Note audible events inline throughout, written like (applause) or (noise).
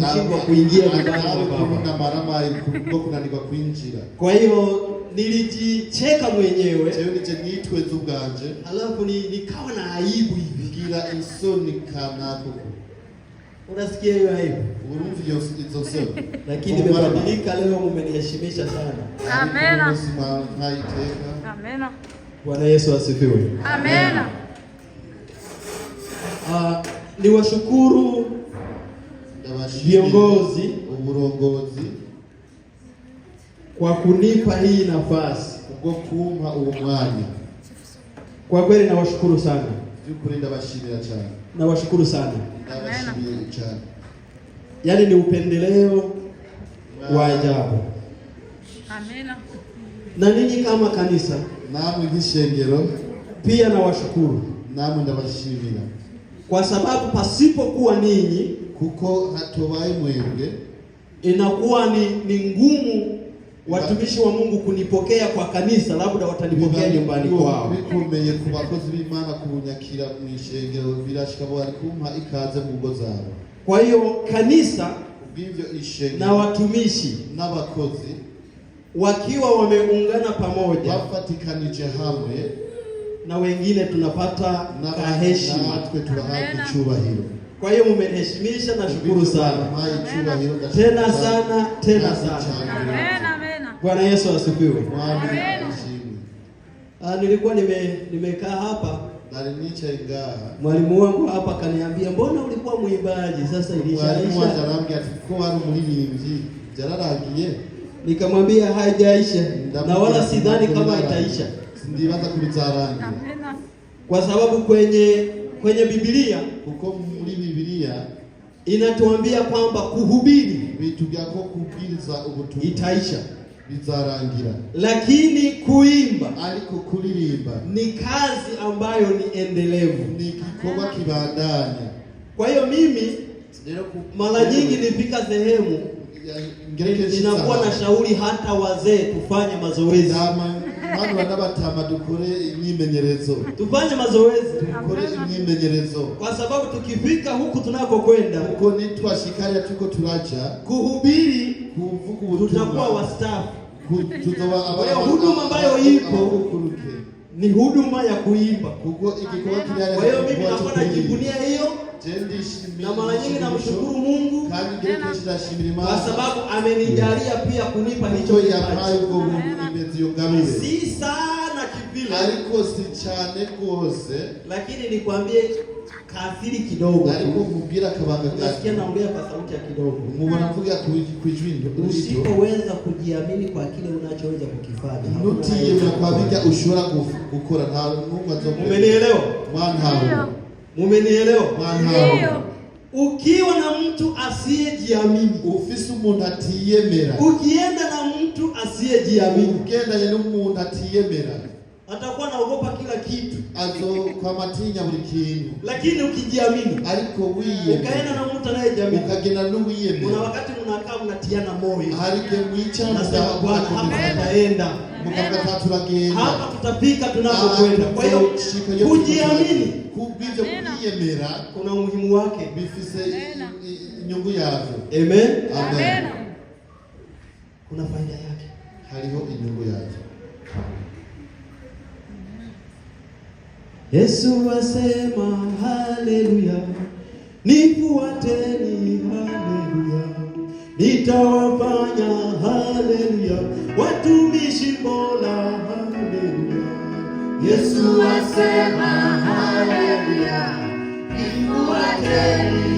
kushindwa kuingia nyumbani kwa hiyo nilijicheka mwenyewe zuganje alafu nikawa na aibu hivi ngira isoni kanako unasikia hiyo aibu urumva hiyo hizo sio lakini nimebadilika leo mmeniheshimisha sana amena amena Bwana Yesu asifiwe amena ah niwashukuru viongozi uburongozi kwa kunipa hii nafasi ubwo kumpa uwo mwanya. Kwa kweli nawashukuru sana, vyukuri ndabashimira sana, nawashukuru sana, ndabashimira sana. Yani ni upendeleo wa ajabu. amena Na ninyi kama kanisa namwe nk'ishengero pia nawashukuru, namwe ndabashimira kwa sababu pasipokuwa ninyi kuko hatobaye mwebwe, inakuwa ni, ni ngumu watumishi wa Mungu kunipokea kwa kanisa, labda watanipokea nyumbani kwao. bikomeye ku bakozi b'Imana kunyakira mu ishengero birashika bo kumpa ikaze mu ngo zabo. Kwa hiyo kanisa na watumishi na bakozi wakiwa wameungana pamoja, wafatikanije hamwe, na wengine tunapata na heshima, natwe chuba hilo kwa hiyo mmeniheshimisha, nashukuru sana tena sana tena sana. Bwana Yesu asifiwe. Ah, nilikuwa nime- nimekaa hapa mwalimu wangu hapa kaniambia, mbona ulikuwa mwimbaji? Sasa ilishaisha. Nikamwambia haijaisha na wala sidhani kama itaisha, kwa sababu kwenye kwenye Biblia huko Biblia inatuambia kwamba kuhubiri bintu byako ubutumwa itaisha bizarangira, lakini kuimba ariko ni kazi ambayo ni endelevu, ni kikoba kibandanya. Kwa hiyo mimi mara nyingi nifika sehemu ninakuwa na shauri hata wazee tufanye mazoezi Mwana mana (laughs) n'abatama dukore imyimenyerezo, tufanye mazoezi, dukore imyimenyerezo, kwa sababu tukifika huku tunakokwenda huko ni twashikaria tuko turaja kuhubiri, tutakuwa wa staff. wastaafu. Huduma ambayo ipo ni huduma ya kuimba. Kwa hiyo mimi nakuwa najivunia hiyo na mara nyingi namshukuru Mungu kwa sababu amenijalia pia kunipa hicho kipaji uziungamire si sana kivile ariko si cyane rwose lakini nikwambie kafiri kidogo ariko mubwira kabanga gani naongea kwa sauti ya kidogo mubona mvuga kwijwi usipoweza kujiamini kwa kile unachoweza kukifanya nutiyemera kwa bijya gukora nta numwe azokuwa umenielewa mwanhawe umenielewa mwanhawe ukiwa na mtu asiyejiamini ufise umuntu atiyemera ukienda na mtu asiyejiamini kenda yali umuntu atiyemera atakuwa naogopa kila kitu azokwamatinya buri kintu lakini ukijiamini ariko wiye ukaenda na mtu anayejiamini ukagenda n'uwiyemera kuna wakati mnakaa mnatiana moyo harike mwicha na bwana hapa tutaenda mkakata turagenda hapa tutapika tunapokwenda kwa hiyo kujiamini kubivyo kujiemera kuna umuhimu wake bifise inyungu yavyo amen amen kuna faida hariho inyungu yazo Yesu asema haleluya, nifuateni haleluya, nitawafanya haleluya, watumishi bora haleluya. Yesu asema haleluya, nifuateni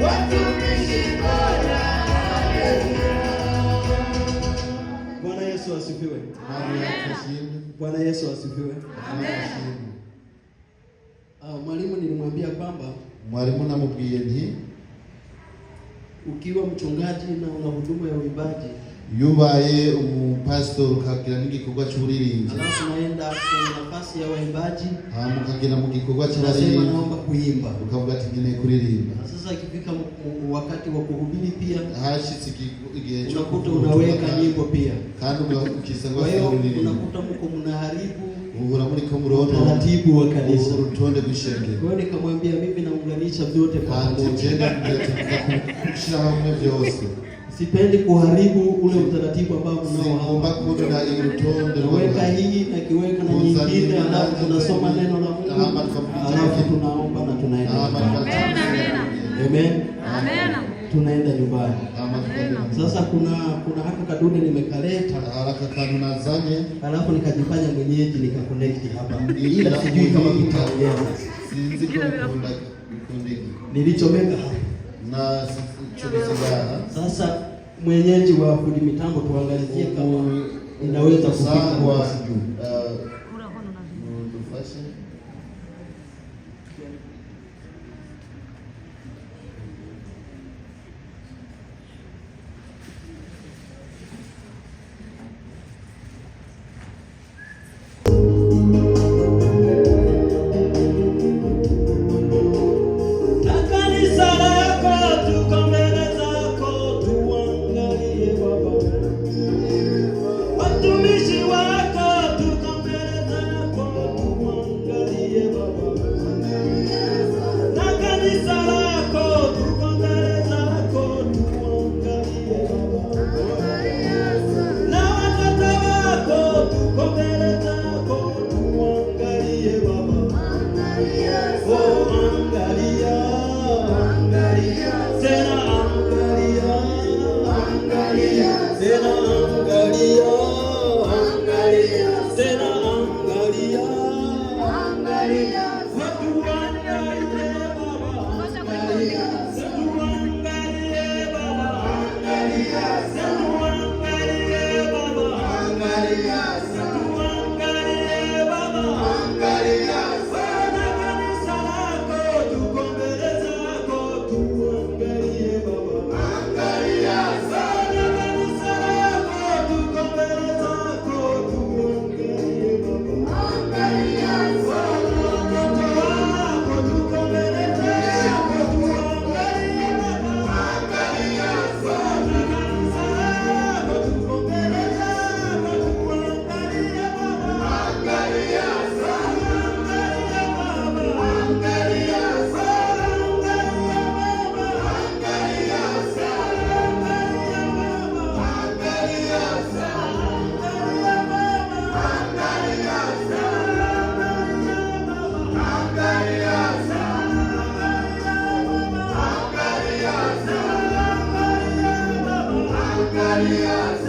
Bwana Yesu asifiwe. Bwana Yesu asifiwe. Ah, mwalimu nilimwambia kwamba mwalimu namubwiye nti ukiwa mchungaji na una huduma ya uimbaji yubaye umupasitoro ukagira n'igikorwa cy'uburirinzi hanyuma ukagera mu gikorwa cy'abaririmba ukavuga ati nkeneye kuririmba hashitse igihe cyo kandi ukisanga unakuta mko mnaharibu uhura muri ko murono taratibu wa kanisa urutonde rw'ishengero. Kwa hiyo nikamwambia mimi naunganisha vyote pamoja, ndio tunataka kushiriki hamwe vyose sipendi kuharibu ule utaratibu ambao kunao hapa. Weka hii na kiweka na nyingine, alafu tunasoma neno la Mungu, alafu tunaomba na tunaenda. Amen, tunaenda nyumbani. Sasa kuna kuna hata kadude nimekaleta, haraka na zanye, alafu nikajifanya mwenyeji nikakonnect hapa, ila sijui kama kitaongea nilichomeka hapa na chukizi chulizigana. Sasa mwenyeji wa fundi mitambo, tuangalizie kama inaweza kufika kwa sijui eh, Alias.